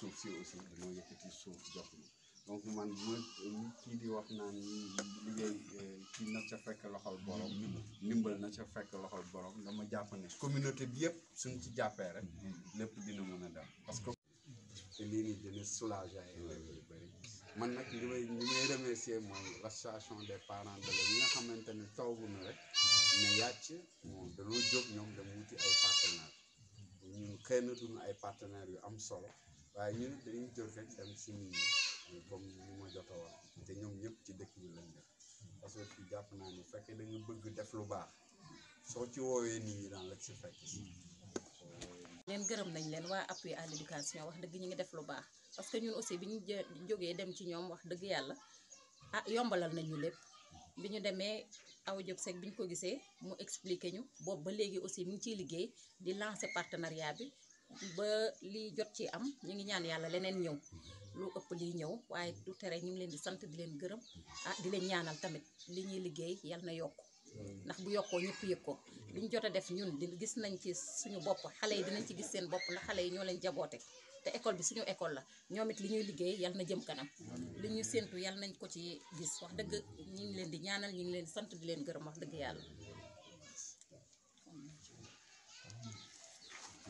suuf si aussi dañoo yëkkati suuf jox donc man bu ma kii di wax naan liggéey eh, kii na ca fekk loxol borom. ndimbal na ca fekk loxol borom dama jàpp ne communauté bi yëpp suñ ci jàppee rek. lépp dina mën a dem parce que. te lii nii dina soulager ay bëri man nag li may li may remercier mooy l'association des parents de ñi nga xamante ne toogu rek ne yàcc moom dañoo jóg ñoom dem wuti ay partenaires ñun xëy na ay partenaires yu am solo. waaye ñun dañuy jël rek dem suñu comme ni ma jot a wax te ñoom ñëpp ci dëkk bi lañ def parce que fi jàpp naa ne fekkee da nga bëgg def lu baax soo ci woowee nit ñi daan la ci fekk si leen gërëm nañ leen waa appui à l' l'éducation wax dëgg ñu ngi def lu baax parce que ñun aussi bi ñu jógee dem ci ñoom wax dëgg yàlla ah yombalal nañu lépp bi ñu demee aw jóg sek bi ñu ko gisee mu expliqué ñu boobu ba léegi aussi mu ngi ciy liggéey di lancer partenariat bi ba lii jot ci am ñu ngi ñaan yàlla leneen ñëw lu ëpp lii ñëw waaye du tere ñu ngi leen di sant di leen gërëm ah di leen ñaanal tamit li ñuy liggéey yal na yokk ndax bu yokkoo ñëpp yëg ko li ñu jot a def ñun di gis nañ ci suñu bopp xale yi dinañ ci gis seen bopp ndax xale yi ñoo leen jaboote école bi suñu école la ñoom it li ñuy liggéey yal na jëm kanam li ñu séentu yal nañ ko ci gis wax dëgg ñu ngi leen di ñaanal ñu ngi leen sant di leen gërëm wax dëgg yàlla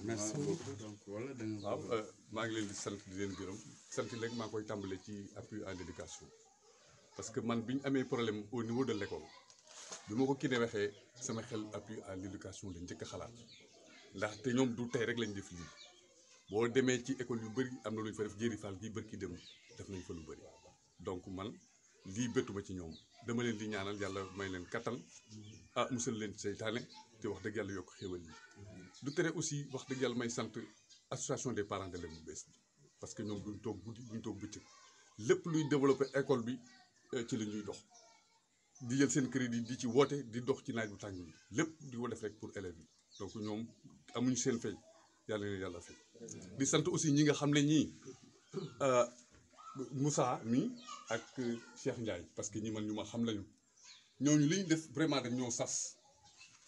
merci donc wala da nga. waaw euh, maa ngi leen di sant di leen gërëm sant léegi maa koy tàmbale ci appui à l' parce que man bi ñu amee problème au niveau de l' école bi ma ko kii ne waxee sama xel appui à l' lañ la njëkk a xalaat ndaxte ñoom du tey rek lañ def lii boo demee ci école yu bëri am na lu ñu fa def jéeri faal gii bërki dem def nañ fa lu bëri donc man lii bëttu ci ñoom dama leen di ñaanal yàlla may leen kattan a ah, musal leen seytaane te wax deug yàlla yok xéwal yi du téré aussi wax deug yàlla may sant association des parents de bu bees parce que ñoom duñ toog guddi duñ toog bëccëg lépp luy développer école bi euh, ci li ñuy dox di jël seen crédit di ci woté di dox ci naaj bu tàng bi lépp di ko def rek pour élèves donc ñom amuñu seen fay yàlla na yàlla fay di sant aussi ñi nga xamné ñi euh Moussa mi ak Cheikh Ndiaye parce que ñi man ñuma xam lañu ñoo ñu liñ def vraiment dañ ñoo sass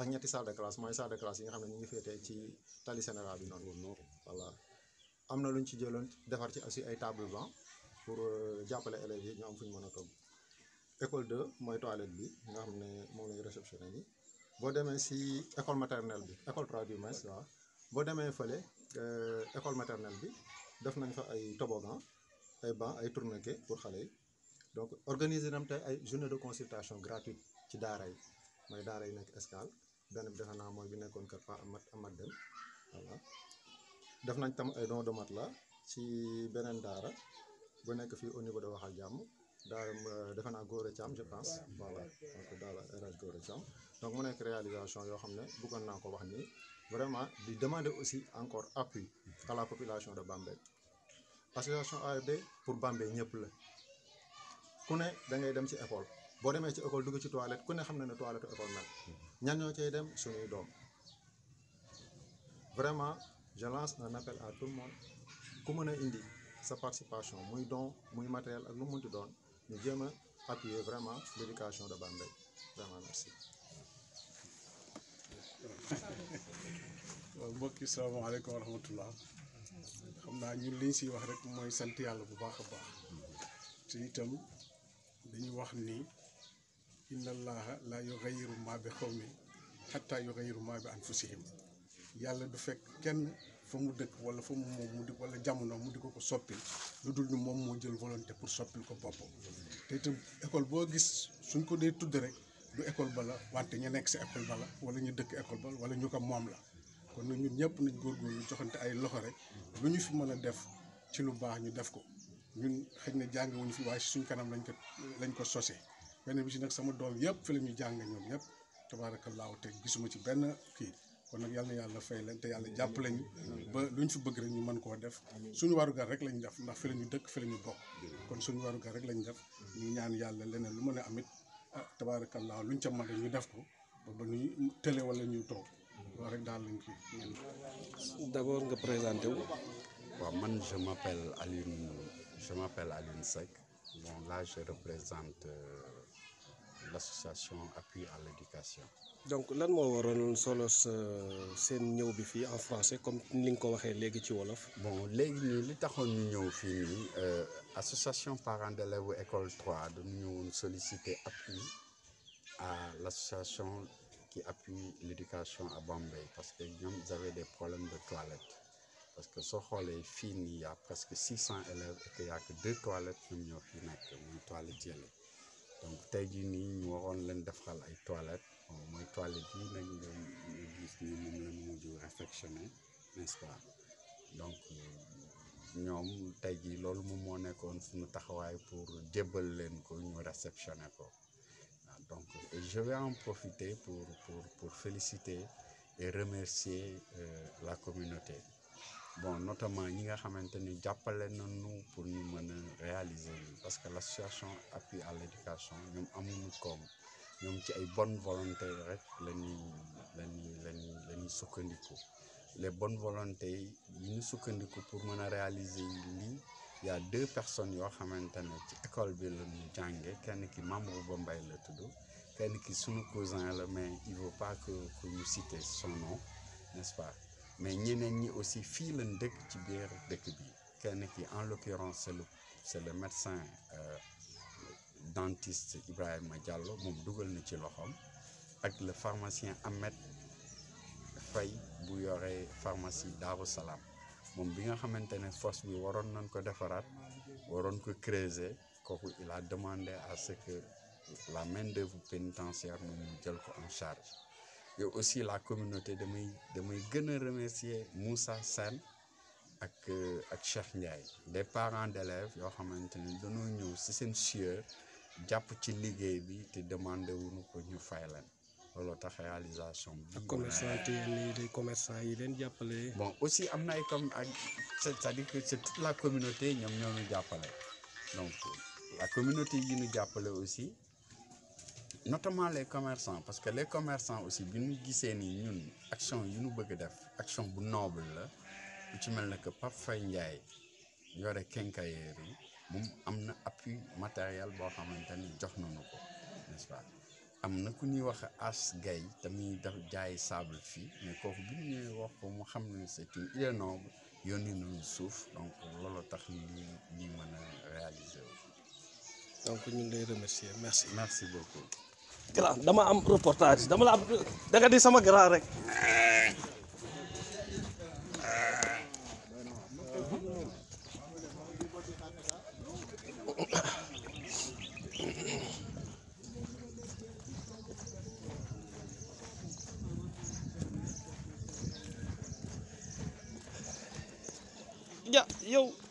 ak ñetti salle de classe mooy salle de classe yi nga xam ne ñu ngi féetee ci tali Sénégal bi noonu voilà am na lu ñu ci jëloon defar ci aussi ay table banc pour euh, jàppale élèves yi ñu am fuñ ñu mën a toog école 2 mooy toilette bi nga xam ne moom lañu réceptionné ni boo demee si école maternelle bi école 3 du moins waaw boo demee fële euh, école maternelle bi def nañ fa ay toboggan ay banc ay tourniquet pour xale yi donc organiser nam tey ay journée de consultation gratuite ci daara yi mooy daara yi nekk Escale benn bi defe naa mooy bi nekkoon kër Pa Amat Amat Dem voilà def nañ tam ay don de matelas ci beneen daara bu nekk fii au niveau de Waxal Jàmm daara defe naa Gora Thiam je pense voilà donc daara Elhadj Gora Thiam donc mu nekk réalisation yoo xam ne bëggoon naa ko wax nii vraiment di demander aussi encore appui à la population de Bambey association ARD pour Bambey ñëpp la ku ne da ngay dem ci école boo demee ci école dugg ci toilette ku ne xam na ne toilette école mel ñan ñoo cay dem suñuy doom vraiment je lance un à tout le monde ku mën a indi sa participation muy don muy matériel ak lu mu munti doon ñu jéem a appuyer vraiment l'éducation de Bambey vraiment merci. waaw mbokk yi salaamaaleykum wa xam naa ñun liñ siy wax rek mooy sant yàlla bu baax a baax te itam dañu wax nii inna allaha la yughayyiru ma bi xaw qawmin hatta yughayyiru ma bi anfusihim yàlla du fekk kenn fa mu dëkk wala fa mu moom mu di wala jamono mu di ko ko soppil lu dul ni moom moo jël volonté pour soppil ko bopp te itam école boo gis suñ ko dee tudd rek du école ba la wante ñu nekk si école ba la wala ñu dëkk école ba wala ñu ko moom la kon nag ñun ñëpp nañ góorgóorlu joxante ay loxo rek lu ñu fi mën a def ci lu baax ñu def ko ñun xëy na jàng fi waaye suñ kanam lañ ko lañ ko sosee benn bi ci nag sama doom yëpp fi la ñuy jàng ñoom ñëpp tabaarakallaahu te gisuma ci benn kii kon nag yàlla yàlla fay leen te yàlla jàppale ñu ba luñ fi bëgg rek ñu mën koo def suñu warugar rek lañ def ndax fi la ñu dëkk fi la ñu bokk kon suñu warugar rek lañu def ñu ñaan yàlla leneen lu mën ne amit ah lu ñu ca mën ñu def ko ba ñuy tele wala ñu toog loolu rek daal lañ kii. d'abord nga présenté wu. waaw man je m'appelle Alioune je m'appelle Alioune Seck. Bon, là, je représente euh, l'association Appui à l'éducation. donc lan nous que solo en français comme vous bon nous, nii li taxoon ñu l'association euh, parents d'élèves école 3 nous sollicité appui à l'association qui appuie l'éducation à Bombay, parce que nous avons avaient des problèmes de toilette parce que soo est fini, il y a presque 600 élèves et il y a que deux toilettes nous ñoo fi toilette donc tey jii nii ñu des leen à ay toilettes bon toilette qui nous nga ni la n'est-ce pas donc nous tey jii loolu moom moo suñu pour jébbal leen ko donc je vais en profiter pour pour pour féliciter et remercier euh, la communauté bon notamment ñi nga xamante ni jàppale nañu pour ñu mën a réaliser parce que l'association appui à l'éducation ñoom amuñu koom ñoom ci ay bonnes volontés rek la ñuy la ñuy la ñuy la ñuy sukkandiku les bonnes volontés yi ñu sukkandiku pour mën a réaliser lii y a deux personnes yoo xamante ne ci école bi la ñu jànge kenn ki membre ba mbay la tudd kenn ki sunu cousin la mais il veut pas que que ñu citer son nom n'est-ce pas mais ñeneen ñi aussi fii lañ dëkk ci biir dëkk bi kenn ki en l'occurrence c'est le c'est le médecin euh, dentiste Ibrahima Diallo moom dugal na ci loxoom ak le pharmacien Ahmed Faye bu yore pharmacie Daaru Salaam moom bi nga xamante ne fosse bi waroon nañ ko defaraat waroon ko creuser kooku il a demandé à ce que la main de pénitentiaire moom mu jël ko en charge et aussi la communauté de damay de a remercier Moussa Sène ak euh, ak Cheikh Ndiaye des parents d'élèves yo xamante de nous ñëw ci sen sueur japp ci liggéey bi te demandé wuñu ko ñu fay leen looloo tax réalisation bi. ak commerçant yi commerçants yi leen jàppale. bon aussi amna ay comme c'est-à-dire que c'est toute la communauté ñoom ñoo ñu donc la communauté yi ñu jappalé aussi notamment les commerçants parce que les commerçants aussi bi ñu gisee ni ñun action yu ñu bëgg def action bu noble la m'as ci que Pape Faye Ndiaye yore quincaillerie yi moom am appui matériel pour xamante ni jox n'est-ce pas am kuni ku wax as gay tamit daf jaay sable fi, mais quand bi ñu ñëwee wax ko mu xam c'est une idée noble yoni nañu suuf donc lolo tax ni ñi réaliser donc ñu ngi lay remercier merci merci beaucoup grand dama am reportage dama la am da nga di sama grand rek. ya yow.